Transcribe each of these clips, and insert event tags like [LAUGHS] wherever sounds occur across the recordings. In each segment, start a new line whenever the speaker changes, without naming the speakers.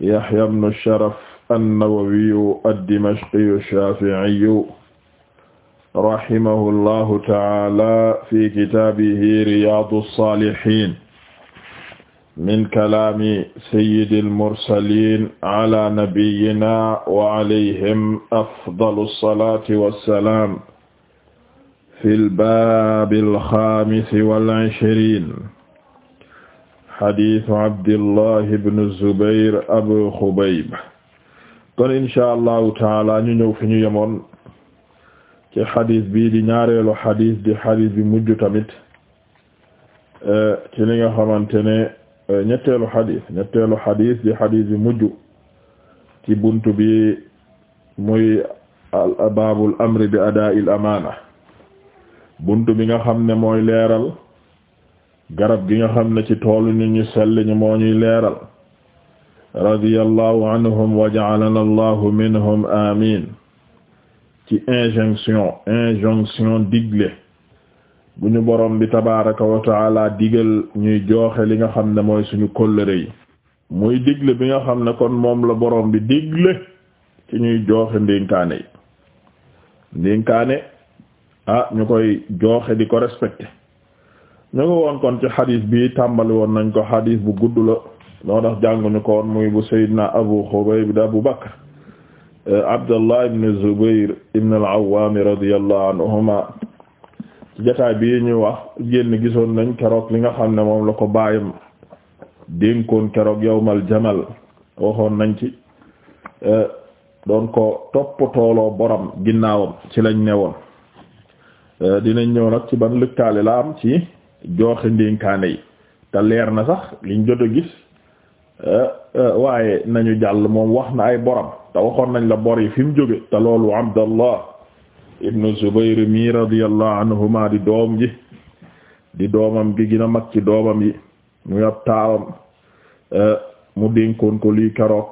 Yahya ibnu Sharaf an-Nawawiyu ad-Dimashqiyu ash-Shafi'iyu rahimahu llahu ta'ala fi kitaabihi Riyaadu s-Saalihiin min kalaami sayyidil mursaliin ala nabiyyinaa wa alayhim afdalu s-salaati was-salaam fil baabil xaamisi wal ishriin xadiisu Abdullahi ibn Zubair Abu Xubayb kon incha allahu taala ñu ñëw fi ñu yemoon ci xadis bii di ñaareelu xadis di xadis bi mujj tamit e, ci li nga xamante ne e, ñetteelu xadis ñetteelu xadis di xadis bi mujj ci buntu bi muy baabul amri bi adaa'il amaana buntu bi nga xam ne mooy leeral. garab gi nga xam ne ci toolu ni ñu sell ñu moo ñuy leeral radiyallahu anhum wa ja'alana allahu minhum amin ci injonction injonction digle bu ñu borom bi tabaraka wa digal ñuy jooxe li nga xam ne mooy suñu kóllëre yi muy digle bi nga xam ne kon moom la borom bi digle ci ñuy jooxe ndénkaane yi ndénkaane ah ñu koy jooxe di ko respecté ñu ngi woon kon ci xadis bi tàmbali woon nañ ko xadis bu gudd la noo tax jànguñu ko woon muy bu Seydina Abu Xubayb da Abu Bakr Abdullah bin Zubayr ibn al-Awwam radiyallahu anhuma ci jotaay bi ñu wax génn gisoon nañ keroog li nga xam ne moom la ko bàyyam dénkoon keroog yawmal jamal waxoon nañ ci e, don ko toppatooloo borom ginnaawam ci lañ ne woon e, dinañ ñëw nag ci ban lëkkaale la ci jooxe ndénkaane yi te leer na sax liñ jot a gis eh, eh, waaye nañu jàll moom wax na ay boram te waxoon nañ la bor yi fi mu jóge te loolu Abdallah ibnu Zubayr mi radiyallahu anhuma di doom ji di doomam gi gën mag ci doomam yi muy ab taawam eh, mu dénkoon ko lii keroog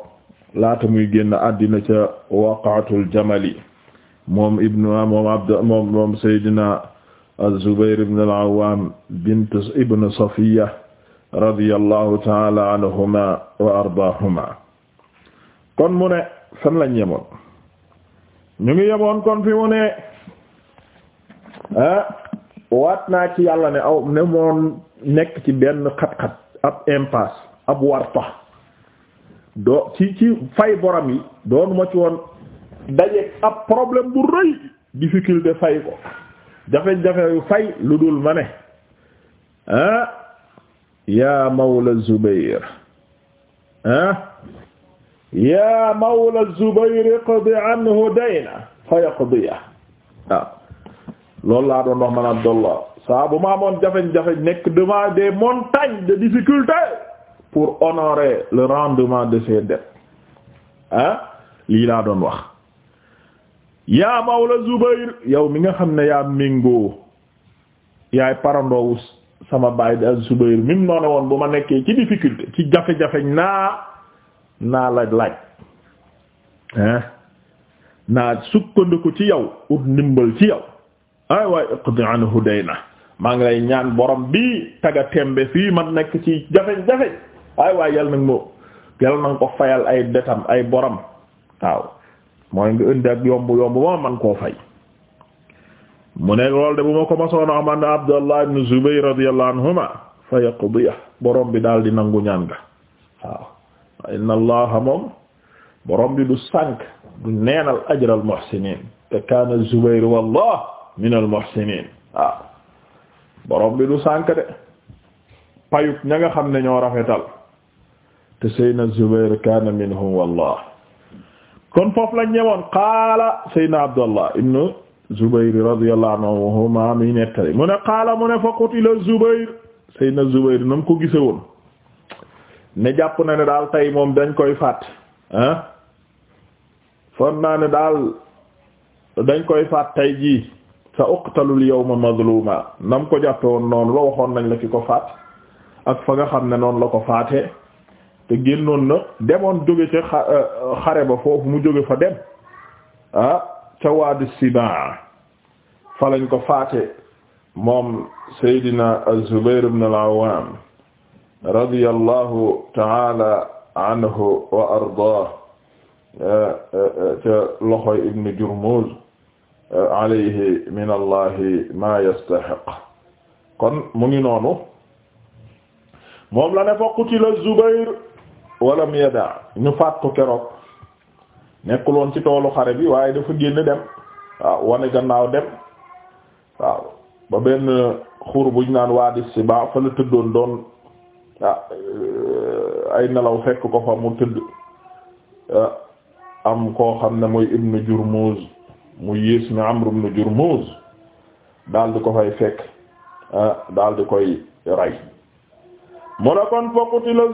laata muy génn àddina ca waqaatul jamali moom ibnu moom abd az-Zubayr ibn al-Awwam bint ibn Safiya radiyallahu ta'ala anhuma wa ardaahuma kon mu ne fan lañ yemoon ñu ngi yemoon kon fi mu ne ah, waat naa ci yàlla ne aw ne moon nekk ci benn xat-xat ab impasse ab warta doo ci ci fay borom yi doonu ma ci woon dajeeg ab problème bu rëy difficulté fay ko jafe-jafe yu fay lu dul ma ne ah yaa mawla Zubayr ah yaa mawla Zubayr iqdi anhu dayna fa yaqdiya waaw loolu laa doon wax man Abdallah saa bu ma jafe-jafe nekk devant des montagnes de difficultés pour honorer le rendement de ses dettes ah, lii laa doon wax yaa mawla Zubayr yow mi nga xam ne yaa mingoo yaay parandoowu sama baay di ak Zubayr mi mu woon bu ma nekkee ci difficulté ci jafe-jafe naa naa la laaj hein naa sukkandiku ci yow ut ndimbal ci yow ay waay iqdi anhu dayna maa ngi lay ñaan borom bi taga tembe fii man nekk ci jafe-jafe ay waay yal nag moo yal nag ko fayal ay detam ay borom waaw mooy nga indi yomb yomb ma man koo fay mu ne lool de bu ma ko masoon a man Abdallah ibn Zubayr radiyallahu anhuma fa bi daal di nangu ñaan ga waaw inna allaha moom borom bi du sànk du neenal ajra al muhsinin te kaana Zubayr wallah min al muhsinin waaw du sànk de payuk ña nga xam ne ñoo rafetal te seyna Zubayr kaana minhum wallah kon foofu lañ ñëwoon qaala saydna abdallah ibnu zubayr radiyallahu anhuma mi nettali mu ne qaala mu ne fa qutila zubayr saydna zubayr nam ko gise woon ne jàpp na ne daal tey moom dañ koy faat ah fon naa ne daal dañ koy faat tey jii sa uqtalul yawma mazluma nam ko jàppe woon noonu la waxoon nañ la fi ko faat ak fa nga xam ne noonu la ko faate te génnoon na demoon jóge ca euh, euh, xare ba foofu mu jóge fa dem ah, ca waadu Sibaa fa lañ ko faate moom Seydina Az-Zubayr ibn al-Awwam radiyallahu ta'ala anhu wa ardaah euh, ca loxoy Ibn Jurmuz alayhi min allahi ma yastahiq kon mu ngi noonu moom la ne fa qutila Zubayr walam yada ñu faat ko keroog nekkuloon ci toolu xare bi waaye dafa génn dem waaw wane gannaaw dem waaw ba benn xur buñ naan waadi si ba fa la tëddoon doon ah, euh, ay nelaw fekk ko fa mu tëdd ah, am koo xam ne mooy ibnu Jurmuz mu yées mi Amr ibnu Jurmuz daal ko fay fekk ah, daal koy rey mu ne kon fokkati la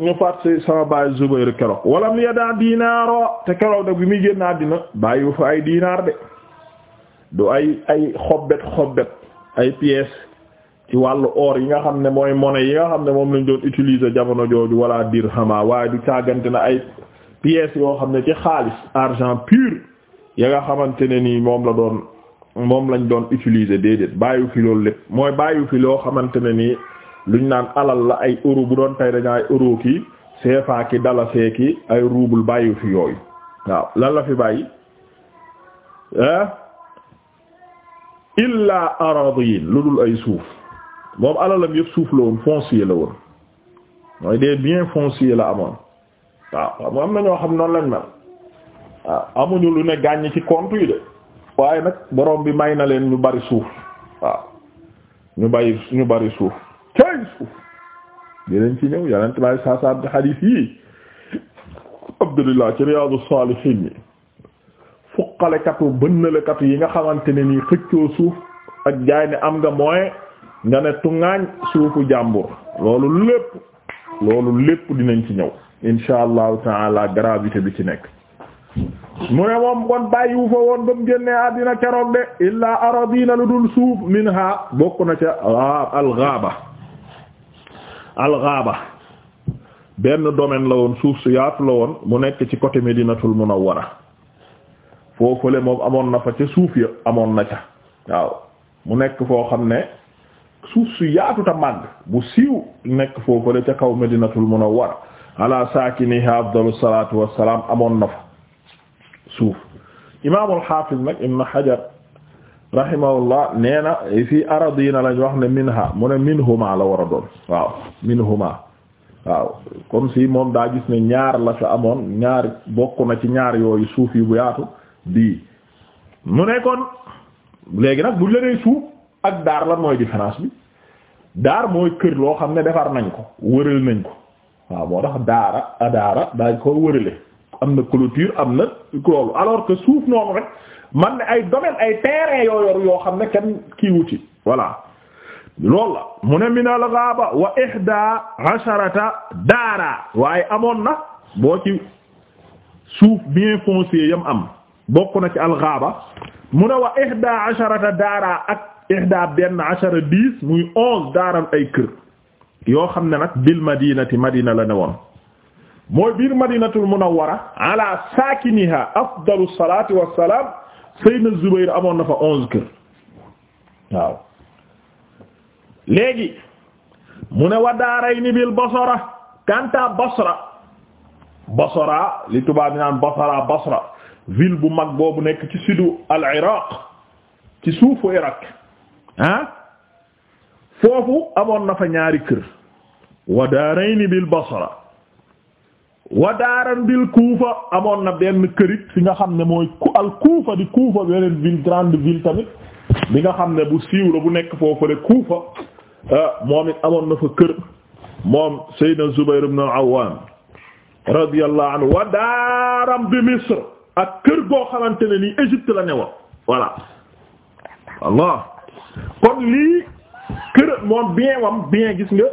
ñu faat si sama baay Zubayr keroog wala mu yeddaa dinaaroo te keroog nag bi muy génn àddina bàyyi fa ay dinaar de du ay ay xobbet xobbet ay pièces ci wàllu or yi nga xam ne mooy monnaie yi nga xam ne moom lañ doon utiliser jamono jooju wala dirhama waaye du càggante na ay pièces yoo xam ne ci xaalis argent pur ya nga xamante ne nii moom la doon moom lañ doon utiliser déedéet bàyyi fi loolu lépp mooy bàyyi fi loo xamante ne nii luñ naan alal la ay euro bu doon tey dañu ay euro ki CFA ki dalasee ki ay rouble bàyyi fi yooyu waaw lan la fi bàyyi eh? illa aradin lu dul ay suuf moom alalam yëpp suuf la woon foncier la woon mooy des biens foncier la amoon waaw mu am na ñoo xam noonu lañ mel waaw amuñu lu ne gàññ ci compte yi de waaye nag borom bi may na leen ñu bari suuf waaw ñu bàyyi ñu bari suuf cay suuf dinañ ci ñëw yonent bi alayhi salaatu salaam di xadiis yi Abdullah ci Riyaadu Saalihiin yi fuqalekatu bënnalekatu yi nga xamante ne nii xëccoo suuf ak jaay ne am nga mooy nga ne tuŋaañ suufu jàmbur loolu lépp loolu lépp dinañ ci ñëw insha allahu taala gravité bi ci nekk mu ne moom kon bàyyiwu fa woon ba mu génnee àddina keroog de illaa aradina lu dul suuf minha bokk na ca ah, algaaba alxaaba benn domaine la woon suuf su yaatu la woon mu nekk ci côté Medinatul Munawwara foofule moom amoon na fa ca suuf ya amoon na ca waaw mu nekk foo xam ne suuf su yaatu ta màgg bu siiw nekk foofule ca kaw Medinatul Munawwara ala saakiniha afdalu salaatu wassalaam amoon na fa suuf imaamul xaafis nag Ibn Hajar rahimahullah nee na fii aradina lañ wax ne minha mu ne minhuma la war a doon waaw minhuma waaw comme si moom daa gis ne ñaar la fi amoon ñaar bokk na ci ñaar yooyu suuf yu bu yaatu bii mu nekkoon kon nag buñ la nee suuf ak daar lan mooy différence bi daar mooy kër loo xam ne defar nañ ko wëral nañ ko waaw moo tax daara a daara daañ ko wërale am na clôture am na loolu alors que suuf noonu rek man ay domaine ay terrain yoo yor yoo xam ne kenn kii wuti voilà loolu mu ne min al ghaaba wa ihda waaye amoon na boo ci suuf bien foncier yam am bokk na ci al ghaaba mu ne wa ihda daara ak ihda benn ashara dix muy onze ay kër yoo xam ne nag bil madinati madina la ne woon mooy biir madinatul munawwara ala saakiniha afdalu salaati wassalaam Seydina Zubayr amoon na fa onze kër waaw léegi mu ne wa daarayni bil Basra kanta Basra Basra li tubaab bi naan Basra Basra ville bu mag boobu nekk ci sudu al Iraq ci suufu Irak ah foofu amoon na fa ñaari kër wa daarayni bil Basra wa daaran bil Kuufa amoon na benn kërit fi nga xam ne mooy al Kuufa di Kuufa beneen ville grande ville tamit bi nga xam ne bu siiw la bu nekk foofu rek Kuufa ah, moom it amoon na fa kër moom Seydina Zubayr ibn al-Awwam radiyallahu anhu wa daaran bi Misr ak kër goo xamante ne nii Égypte la ne woon voilà Allah kon lii kër moom bien wam bien gis nga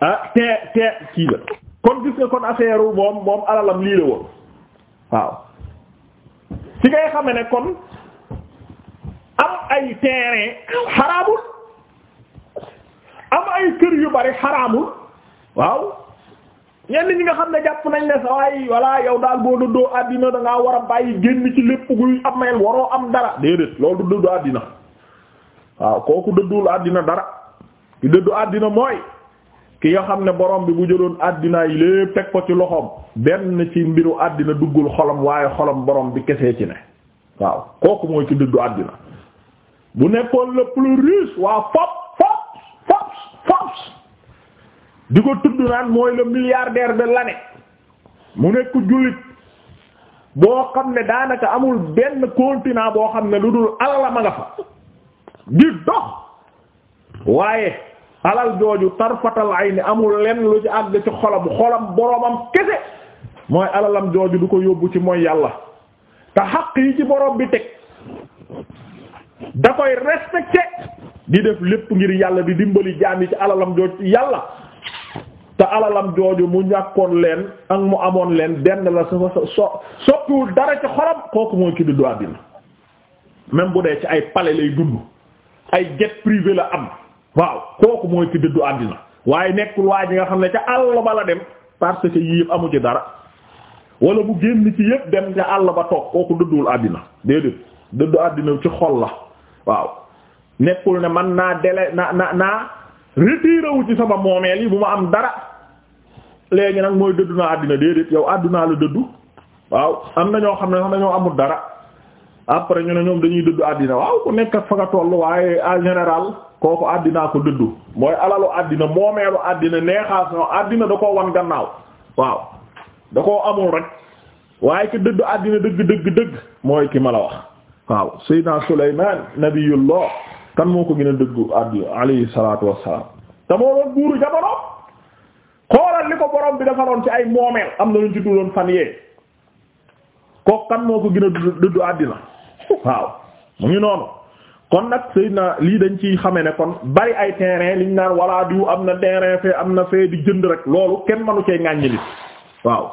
ah, te te kii la kon gis nga kon affaire moom moom alalam lii la woon waaw ci ngay xame ne kon am ay terrain xaraamul am ay kër yu bari xaraamul waaw ñenn ñi nga xam ne jàpp nañ ne sa waay walla yow daal boo dëddoo àddina da war a bàyyi génn ci lépp guy ameel waroo am dara déedéet loolu dëddu àddina waaw kooku dëddul àddina dara ki dëddu àddina mooy ki nga xam ne borom bi bu jëloon àddina yi lépp teg ko ci loxoom benn ci mbiru àddina duggul xolom waaye xolam borom bi kese ci ne waaw kooku mooy ci dëddu àddina bu nekkoon le plus riche waa fop fop fop fop di ko tudd naan mooy le milliardaire de l'année mu nekk jullit boo xam ne daanaka amul benn continent boo xam ne lu dul alal ma nga fa di dox waaye alal jooju tarfatal ayni amul lenn lu ci àgg ci xolam xolam boromam kese mooy alalam jooju du ko yóbbu ci mooy yàlla te xaq yi ci borom bi teg da koy respecté di def lépp ngir yàlla di dimbali jaam yi ci alalam jooju ci yàlla te alalam jooju mu ñàkkoon leen ak mu amoon leen benn la sa so soppiwul dara ci xolam kooku mooy ki du doit dina bu dee ci ay pale lay dund ay jet privé la am waaw kooku mooy ci dëddu àddina waaye nekkul waa ji nga xam ne ca àll ba la dem parce que yii yëpp amu ci dara wala bu génn ci yëpp dem ca àll ba toog kooku dëdduwul àddina déedéet dëddu àddina ci xol la waaw nekkul ne man naa dele na na naa retiré wu ci sama moomeel yi bu ma am dara léegi nag mooy dëddu naa àddina déedéet yow àddinaa la dëddu waaw am na ñoo xam ne sax dañoo amul dara après ñu ne ñoom dañuy dëddu àddina waaw ku nekk ak fa nga toll waaye en kooku àddinaa ko dëddu mooy alalu àddina moomeelu àddina neexaasoo àddina da koo wan gannaaw waaw da koo amul rek waaye ki dëddu àddina dëgg dëgg dëgg mooy ki ma la wax waaw sayyidina Sulaymaan nabiyullah kan moo ko gën a dëggu àddina ci ay moomeel am na luñ ci duloon gën a àddina waaw mu ngi noonu kon nag Seydina lii dañ ciy xame ne kon bari ay terrain liñ naan walla diw am na terrain fee am na fee di jënd rek loolu kenn manu cee ŋàññi nit waaw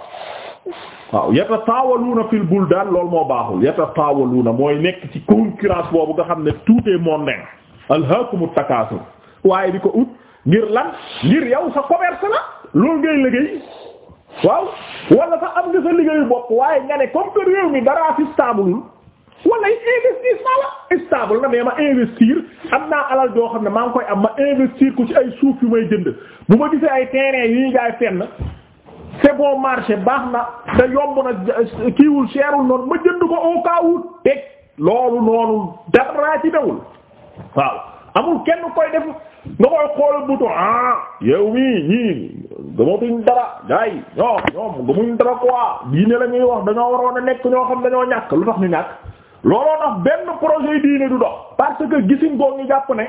waaw yatataawaluuna fil buldaan lool moo baaxul na mooy nekk ci concurrence boobu nga xam ne tout est mondain alhaakumu takaasur waaye di ko ut ngir lan ngir yow sa commerce la loolu ngay liggéey waaw wala sa am nga sa liggéeyu bopp waaye nga ne comme que réew mi daraa fi wala investissement la stable na mais ma investir am naa alal joo xam ne maa ngi koy am ma investir ko ci ay suuf yu may jënd bu ma gisee ay terrain yu ñuy jaay fenn c'est bon marché baax na te yomb na kiiwul cherul noonu ma jënd ko au cas où teg loolu noonu dara ci waaw amul kenn koy def nga koy xoolal buto ah yow mii ñii gëmatuñ dara gay ñoom ñoom gëmuñ dara quoi diine la wax dañoo waroon a nekk ñoo xam dañoo ñàkk lu tax ñu ñàkk looloo tax benn projet diine du dox parce que gisin boo ñu jàpp ne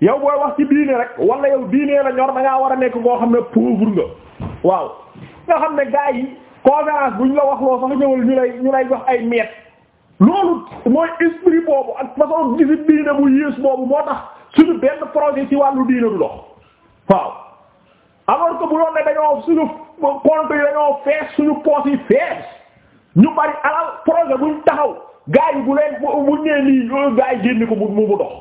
yow booy wax ci diine rek wala yow diine la ñor da ngaa war a nekk koo xam ne pauvre nga waaw nga xam ne gars yi conférence bu ñu la wax loo sax ñëwal ñu lay ñu lay wax ay meet loolu mooy esprit boobu ak façon gisin diine bu yées boobu moo tax suñu benn projet ci wàllu diine du dox waaw alors que bu doon ne dañoo suñu compte yi dañoo fees suñu poche yi fees ñu bari alal projet buñ taxaw gaa yi bu leen buñ nee lii gaa yi génn ko mu mu dox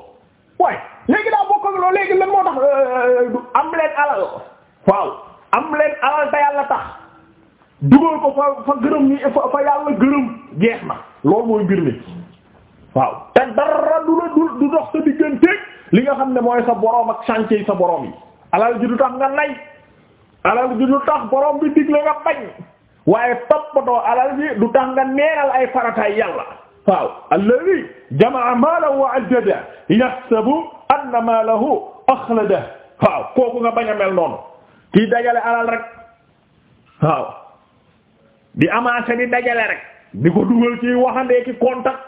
waaye léegi daa bokk ak loolu léegi lan moo tax euh, am leen alal waaw am leen alal te yàlla tax dugal ko fa fa gërëm ñi fa yàlla gërëm jeex na loolu mooy mbir mi waaw te dara du la du dox sa digganteeg li nga xam ne mooy sa boroom ak chantier sa boroom yi alal ji du tax nga nay alal ji du tax boroom bi digle nga bañ waaye toppatoo alal ji du tax nga neeral ay farataay yàlla waaw alladhi jamaa maalahu wa ajjada yahsabu anna maalahu akhlada waaw kooku nga bañ a mel noonu kii dajale alal rek waaw di amaase di dajale rek di ko dugal ci waxandee ki contact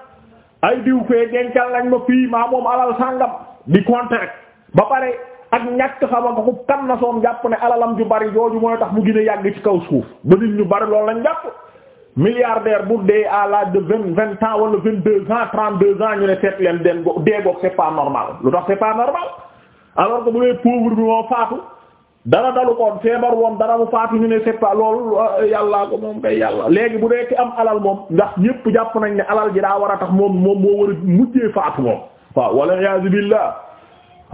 ay diw fee dencal lañ ma fii maa moom alal sàngam di contact ba pare ak ñàkk xam ak xub kan na soom jàpp ne alalam ju bari jooju mooy tax mu gën yàgg ci kaw suuf ba ñu bari loolu lañ jàpp milliardaire bu dee à l'âge de vingt vingt ans wala vingt deux ans trente deux ans ñu ne seet leen dee goog c'est pas normal lu tax c'est pas normal alors que bu dee pauvre bi moo faatu dara dalu koon feebar woon dara mu faatu ñu ne c'est pas loolu euh, yàllaa ko moom kay yàlla léegi bu dee ki am alal moom ndax ñépp jàpp nañ ne alal ji war a tax moom moom moo war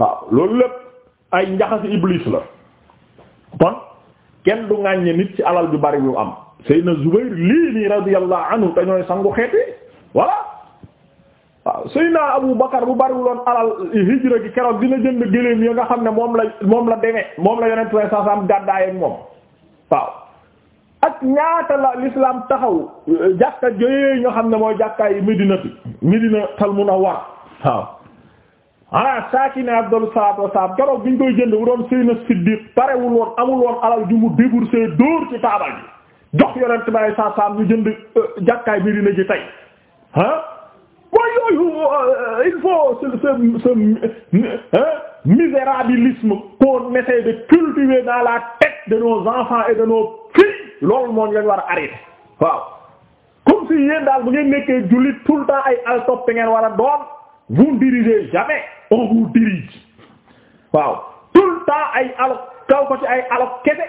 a mujjee ay njaxasi iblis la kon kenn du ŋàññe nit ci alal ju bari bu am Seydina Zubayr lii nii radiyallahu anhu dañooy sangu xeeti voilà waaw Seydina Abu Bakar bu bariwuloon alal hijra gi keroog dina jënd géléem ya nga xam ne moom la moom la demee moom la yonent way sa sam gàddaay ak moom waaw ak ñaata la l'islam taxaw jàkka joyee ñoo xam ne mooy jàkkaay Medina bi Medina tal Munawwar waaw ah saakine abdal salaatu wasalaam keroog bi ñu koy jënd bu doon Seydina Siddiq parewul woon amul woon alal ju mu déboursé dóor ci taabal ji jox yonent bi ay salaam ñu jënd euh, jàkkaay bi dina ji tey ah mooy yooyu euh, il faut ce ce misérabilisme qu'on essaie de cultiver dans la tête de nos enfants et de nos filles loolu moo ñu war a arrêter waaw comme si yéen daal bu ngeen nekkee jullit tout le temps ay altop ngeen war a doon vous ne dirigez jamais on vous dirige waaw tout le temps ay allo kaw ko ci ay allo kese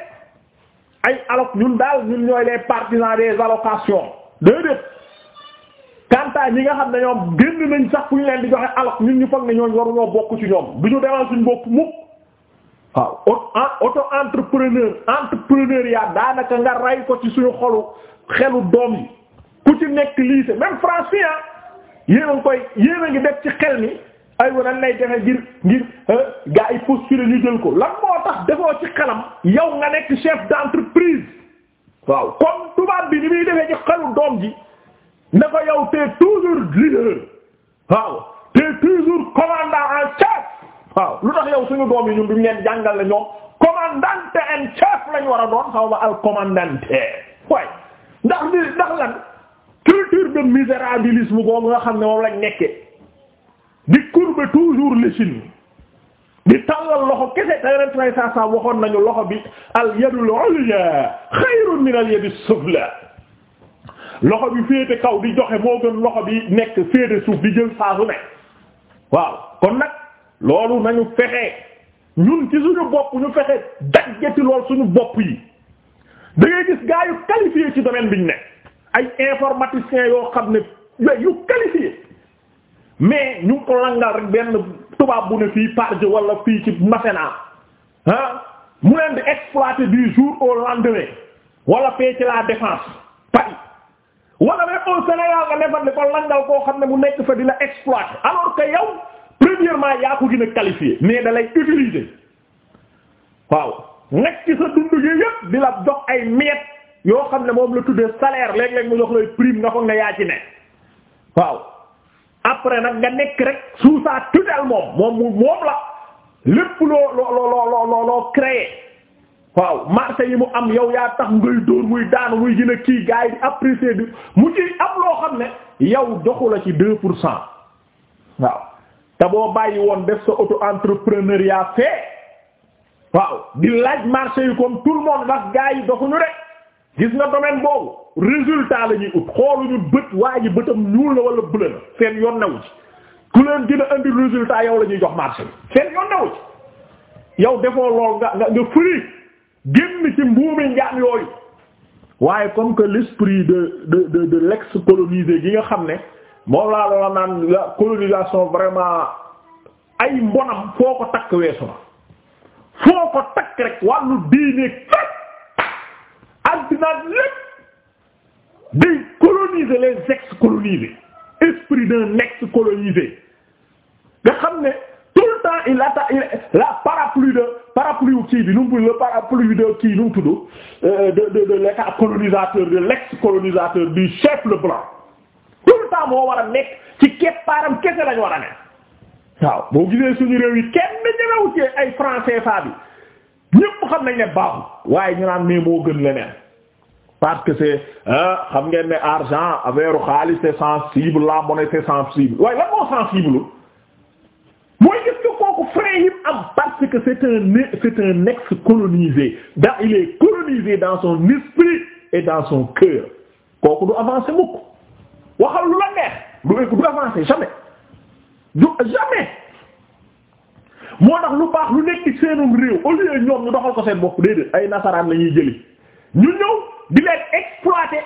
ay allo ñun daal ñun ñooy les partisans des allocations déedéet kanta ñi nga xam ne ñoom génn nañ sax fu ñu leen di joxe allo ñun ñu foog ne ñooñ waruñoo bokk ci ñoom du ñu demal suñ bopp mukk waaw auto entrepreneur entrepreneuriat daanaka nga ray ko ci suñu xolu xelu doom yi ku ci nekk lycée même français yéen a ngi yéen a ngi def ci xel mi ay wa nan lay defe ngir ngir euh, gaa yi postuler ñu jël ko lan moo tax defoo ci xelam yow nga nekk chef d'entreprise waaw comme tubaab bi ni muy defee ci xelu doom ji na ko yow t'es toujours leader waaw t'es toujours commandant en chef waaw lu tax yow suñu doom yi ñun duñ leen jàngal la ñoom commandante en chef lañu war a doon xaw ma al commandante waaye ndax ndax lan culture de misérabilisme boobu nga xam ne moom lañ nekke di courber toujours l'échine di tàllal loxo kese te yonent saa saa waxoon nañu loxo bi al yadul ulya xayrun min al yadis sufla loxo bi féete kaw di joxe moo gën loxo bi nekk féete suuf di jël saa su ne waaw kon nag loolu nañu fexe ñun ci suñu bopp ñu fexe dajjati lool suñu bopp yi da gis gaa yu qualifié ci domaine biñ nekk ay informaticiens yoo xam ne yooyu yu qualifié mais ñu ngi ko langal rek benn tubaab bu ne fii Pardieu wala fii ci Masséna ah mu leen di exploiter du jour au lendemain wala fee ci la défense Paris wala même au Sénégal nga defal di ko langal koo xam ne mu nekk fa di la alors que yow premièrement yaa ko gën a qualifié mais da utiliser waaw nekk sa dundu yëpp di jox ay miet. yoo xam ne moom la tuddee salaire léeg-léeg mu jox lay prime nga foog ne yaa ci ne waaw après nag nga nekk rek sous sa tutelle moom moom moom la lépp loo loo loo loo loo créé waaw marché yi mu am yow yaa tax ngay dóor muy daanu muy gën a kii gars yi di apprécier bi mu ci am loo xam ne yow doxu la ci deux pour cent waaw te boo bàyyi woon def sa auto entrepreneuriat fait waaw di laaj marché yi comme tout le monde ndax gars yi doxuñu rek. gis nga domaine boobu résultat la ñuy ut xooluñu bët waa ji bëtam ñuul la wala bële seen yoon newu ci ku leen dina indi résultat yow la ñuy jox marché bi seen yoon newu ci yow defoo lool nga nga nga fëri génn ci mbuumi njaam yooyu waaye comme que l'esprit de de de de l'ex-colonisé gi nga xam ne moom laa loola naan la colonisation vraiment ay mbonam foo ko takk weesu na foo ko takk rek wàllu diine naat lépp day coloniser les ex-colonisés esprit d'un ex-colonisé nga xam ne tout le temps il atta la parapluie de parapluie kii bi nu mu le parapluie kii nu mu tudd euh, de de de l'état colonisateur de l'ex-colonisateur du chef le tout le temps moo war a nekk ci keppaaram kese lañ war a waaw boo gisee suñu réew yi kenn ñëwee ci ay français fa bi ñépp xam nañ ne baaxul waaye ñu naan mais moo parce que c'est xam ngeen ne argent affaire xaalis c'est sensible la monnaie c'est sensible waaye lan moo sensible mooy gis nga kooku frais yi am parce que c'est un c'est un ex-colonisé da il est colonisé dans son esprit et dans son cœur kooku du avancer mukk waxal lu la neex du du avancer jamais du jamais moo tax lu baax lu nekk ci seenum réew au lieu ñoom ñu doxal ko seen bopp déedéet ay nasaraan la ñuy jëli ñu ñëw di leen exploiter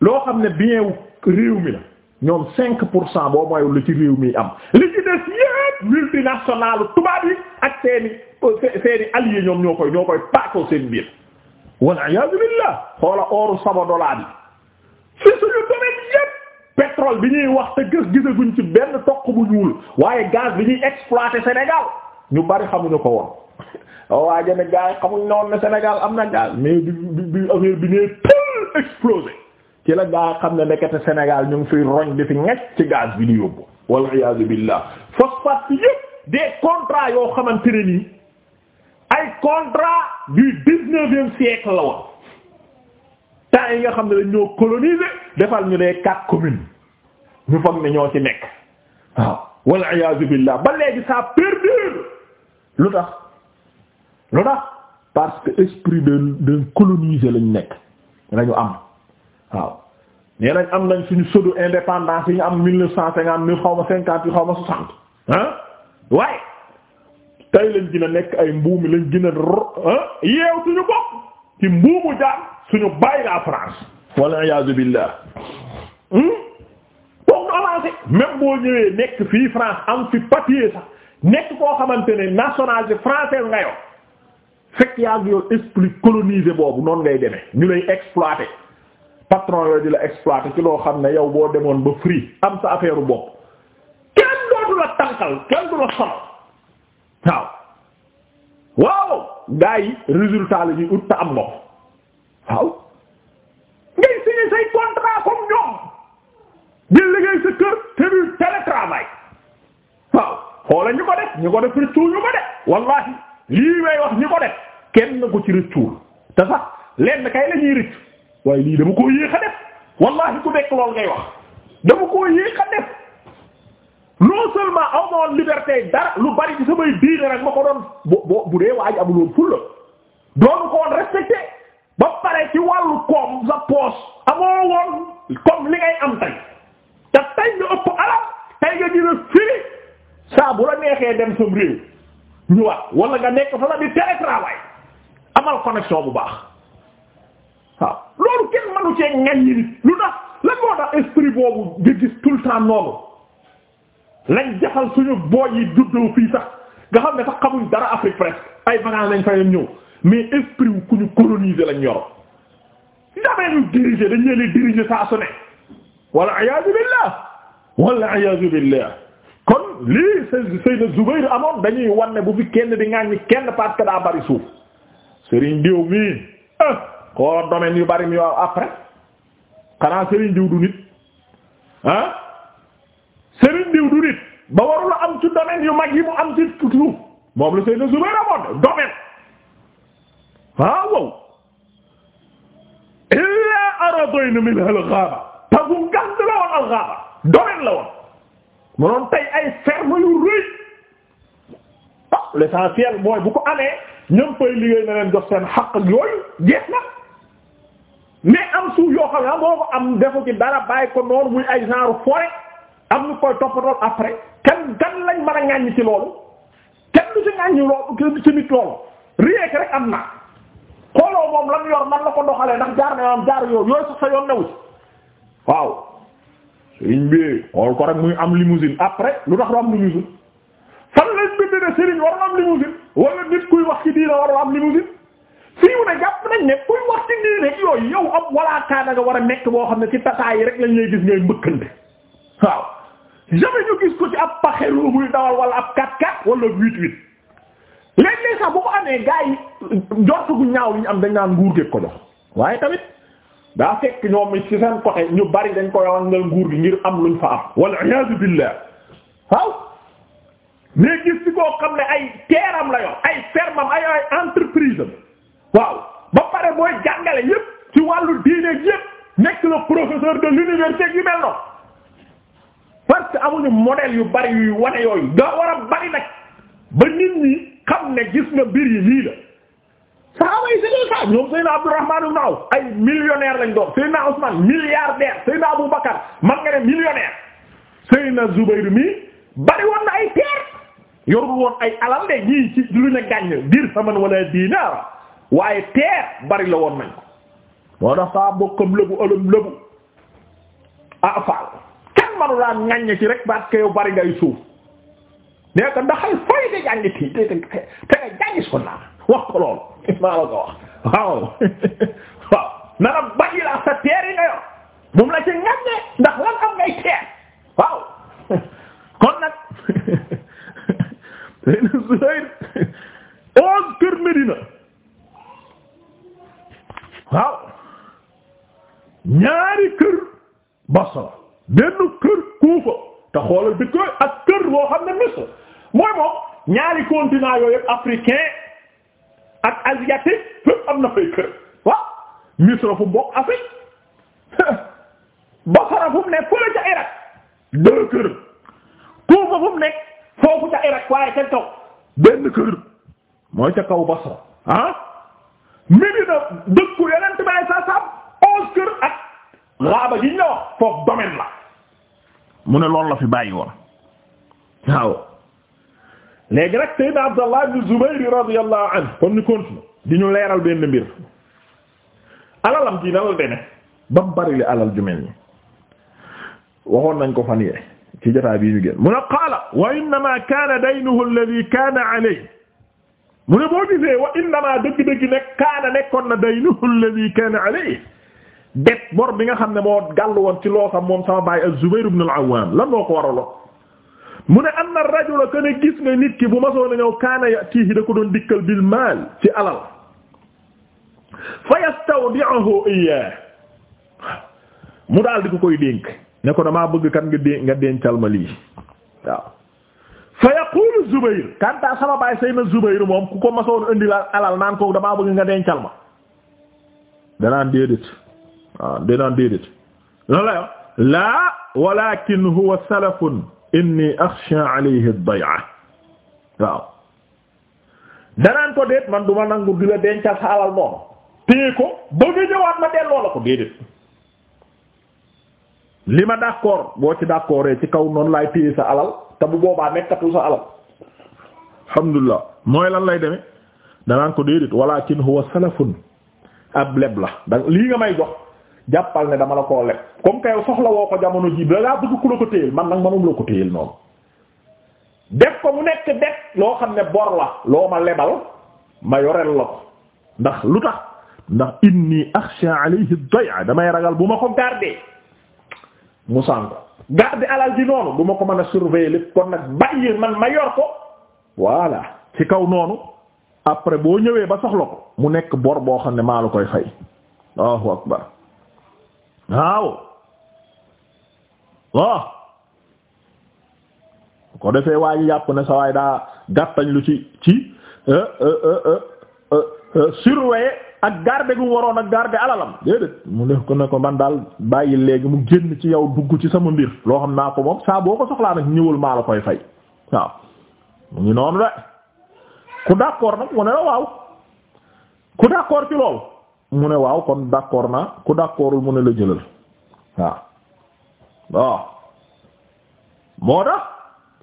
loo xam ne bien wu réew mi la ñoom cinq pour cent boo moyul lu ci réew mi am li ci des yépp multinationale tubaab yi ak seeni seeni alliés ñoom ñoo koy ñoo koy paatoo seen biir waliyasu billah xoola ooru saba dollar bi ci suñu domaine yépp pétrole bi ñuy wax te gis gisaguñ ci benn toq bu ñuul waaye gaz bi ñuy exploiter Sénégal ñu bari xamuñu ko woon Oh, waaja ne gars yi xamuñ ne woon ne Sénégal am na gaz mais bi bi bi nee tël explosé ci la gaa xam ne ndekete Sénégal ñu ngi fiy roñ di fi ñecc ci bi di yóbbu wal iyaazu billah phosphate bi yëpp des contrats yoo xamante ne nii ay contrat du dix siècle la woon temps yi nga xam ne dañ ñoo coloniser defal ñu dee quatre communes ñu foog ne ñoo ci nekk waaw wal iyaazu billah ba léegi ça perdure lu tax lu tax parce que esprit de de coloniser lañ nekk lañu am waaw nee nañ am nañ suñu pseudo indépendance yi ñu am mille neuf cent cinquante neuf xaw ma cinquante yi xaw ma soixante ah waaye tey lañ gën a nekk ay mbuumi lañ gën a yeew suñu bopp ci mbuumu jaar suñu bàyyi la France walla iyaazu billah boog hmm? nu avancé même boo ñëwee nekk fii France am fi papier sax nekk koo xamante ne nationalité française nga yow fekk yaa ngi yor esprit colonisé boobu noonu ngay demee ñu lay exploiter patron yooyu di la ci loo xam ne yow boo demoon ba free am sa affaire bopp kenn dootu la tànkal kenn du la sonal waaw waaw gars yi résultat la ñuy am ndox waaw ngay signé say contrat comme ñoom di liggéey sa kër te du télétravail waaw xoola ñu ko def ñu ko def surtout ñu ko def wallahi lii may wax ñi ko def kenn ko ci rëccuwul te sax lenn kay la rëcc waaye lii dama koo yéex def wallahi ku nekk lool ngay wax dama koo yéex def non seulement aw liberté dara lu bari ci samay diine rek ma ko doon bu bu bu dee waaj amuloon fulla doonu ko woon respecté ba pare ci wàllu koom sa poos amoo woon comme li ngay am tey te tey nga ëpp alal tey nga dina firi saa bu la neexee dem sam réew ñëwaat wala nga nekk fa la di télétravail amal connexion bu baax waaw loolu kenn mënu cee ngañ ñi nit lu tax lan moo tax esprit boobu nga gis tout le noonu lañ jaxal suñu booy yi juddoo fii sax nga xam ne sax xamuñ dara Afrique presque ay vacances lañ fay ñëw mais esprit wu ku ñu coloniser lañ ñoro damee ñu diriger dañ leen di diriger saa su ne wala iyaazu billah wala iyaazu billah kon lii Seydina Zubayr amoon dañuy wanne bu fi kenn di ŋaññi kenn parce que daa bari suuf Serigne Diw mii ah koo yu bari mi waaw après xanaa Serigne Diw du nit ah Serigne Diw du nit ba warul am ci domaine yu mag yi mu am ci suuf moom la Seydina Zubayr amoon domaine ah, waaw wow illaa aradoyn min al-ghaaba te ngant la woon al-ghaaba domaine la woon. mu doon tey ay ferme yu rëy ah l'essentiel mooy bu ko amee ñoom koy liggéey na leen jox seen xaq yooyu jeex na mais am suuf yoo xam ne moo ah, ko am defu ci dara bàyyi ko noonu muy ay genre forêt am ñu koy toppatoo après kenn gan lañ mën a ŋàññi ci loolu ci ŋàññi am na xooloo moom la yor man la ko doxalee ndax jaar na yoon jaar yoon yooyu sax sa yoon newu waaw. sëriñ bi xool ko rek muy am limousine après lu tax du am limousine fan lañ bind ne sëriñ war am limousine wala nit kuy wax ci diina war am limousine fii mu ne jàpp nañ ne kuy wax ci diina yooyu yow am walaakaana nga war a nekk boo xam ne ci tasaay yi rek lañ lay gis ngay mbëkkante waaw jamais ñu gis ko ci ab paxelu muy dawal wala ab 4-4 wala 8-8 léeg-léeg sax bu ko amee gaa yi njort gu ñaaw li ñu am dañ naan nguur geeg ko jox waaye daa fekk ñoom ci seen côté ñu bari dañ ko wangal nguur gi ngir am luñ fa am wal iyaazu billah waaw mais gis ci koo xam ne ay teeram la yor ay fermam ay ay entreprise am waaw ba pare booy jàngale yépp ci wàllu diine yépp nekk le professeur de l'université yu mel noonu parce amuñu modèle yu bari yuy wane yooyu daa war a bari nag ba nit ñi xam ne gis na mbir yi lii la saxaaba yi c'est ça ñoom Seydina Abdourahman ibn ay millionnaire lañ doon Seydina Ousmane milliardaire Seydina Aboubacar man nga ne millionnaire Seydina Zubayr mi bari woon na ay terre yorul woon ay alal de ñii ci lu ne gàññ dir saman wala dinar waaye terre bari la woon nañ moo tax saa bokkam lëbu ëlëm lëbu ah faal kenn manu laa ŋaññe ci rek baat ke yow bari ngay suuf nee ko ndaxal fooy de jàngi tii te te te nga jàngi sonnaa wax ko lool [LAUGHS] maa la ko wax waaw [LAUGHS] waaw la sa teer yi nga yor la ci ñànne ndax lan am ngay teer waaw [LAUGHS] kon nag teyna Zuhayr onze kër Medina waaw ñaari kër Basra benn kër Kufa te xoolal bi koy kër boo xam ne Misr mooy moom ñaari continent africain misra fu bokk Afrique [LAUGHS] Basra fu mu nekk fu la ca Irak deux kër Kufa fu mu foofu ca Irak waaye ca benn kër mooy ca kaw Basra ah Medina dëkku yeneen tubaab sa saabu onze kër ak raaba gi ñëw foofu domaine la mu ne la fi bàyyi woon waaw léegi rek Seydina Abdallah ibn Zubayr radiyallahu anhu kon ñu continue di ñu leeral benn mbir. alalam ci nalal dene ba mu bari li alal ju mel ni nañ ko fan yee ci jotaay bii ñu génn mu ne qaala wa innama kaana daynuhu alladhi kaana alayhi mu ne boo gisee wa dëgg-dëgg ne kaana nekkoon na daynuhu alladhi kaana alayhi bor bi nga xam ne moo gàll woon ci loo xam moom sama baay az-Zubayr ibn al lan moo ko waraloo mu ne anna ar-rajula gis nga nit ki bu ma soo na ñëw kaana yatihi da ko doon dikkal bil maal ci alal fa yastawdi'uhu iyyah mu daal di ko koy dénk ne ko damaa bëgg kat nga dé nga dencal ma lii waaw fa yaqulu Zubayr kanta sama baay sëy na Zubayr moom ku ko masoon indi la alal naan ko damaa bëgg nga dencal ma danaan déedéet waaw danaan déedéet la yo laa walakin inni axsha dencal sa alal noonu téye ko ba nga ñëwaat ma delloo la ko déedéet li ma d'accord boo ci d'accordee ci kaw noonu laay téye sa alal te bu boobaa nekkatu sa alal alhamdulilah mooy lan lay demee danaan ko déedéet walakin huwa salafun ab leb la lii nga may jox jàppal ne dama la koo leb comme que yow soxla woo ko jamono ji da ngaa bëgg ku la ko téyel man nag manum la ko téyel noonu def ko mu nekk def loo xam ne bor la loo ma lebal ma yorel la ko ndax lu tax ndax inni axsha alayhi daya damay ragal bu ma ko garder mu sànk garder alal ji noonu bu ma ko mën a surveiller lépp kon nag bàyyi man ma yor ko voilà ci kaw noonu après boo ñëwee ba soxla ko mu nekk bor boo xam ne maa la koy fay Allahu akbar waaw waaw ko defee waa yàpp ne sa waay daa gàttañ lu ci ci euh, euh, euh, surveiller ak garde gu waroon ak garde alalam déedéet mu def ko ne ko man daal bàyyi léegi mu génn ci yow dugg ci sama mbir loo xam naa ko moom saa ko soxlaa nag ñëwul maa koy fay waaw mu ngi noonu de ku d'accord nag mu ne waaw ku d'accord ci lool mu ne waaw kon d'accord na ku d'accordul mu ne la jëlal waaw waaw moo tax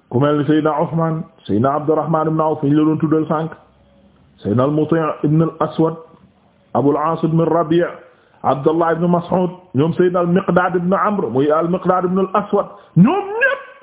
ku mel ni Seydina Usmaan Seydina Abdurrahmaan ibn Awf ñu la doon tuddal sànq Seydina al-Muti' aswad Abul Aas ibn Rabi' Abdullah ibn Mas'ud ñoom Sayyidina al-Miqdaad ibn Amr muy al-Miqdaad ibn al-Aswad ñoom ñépp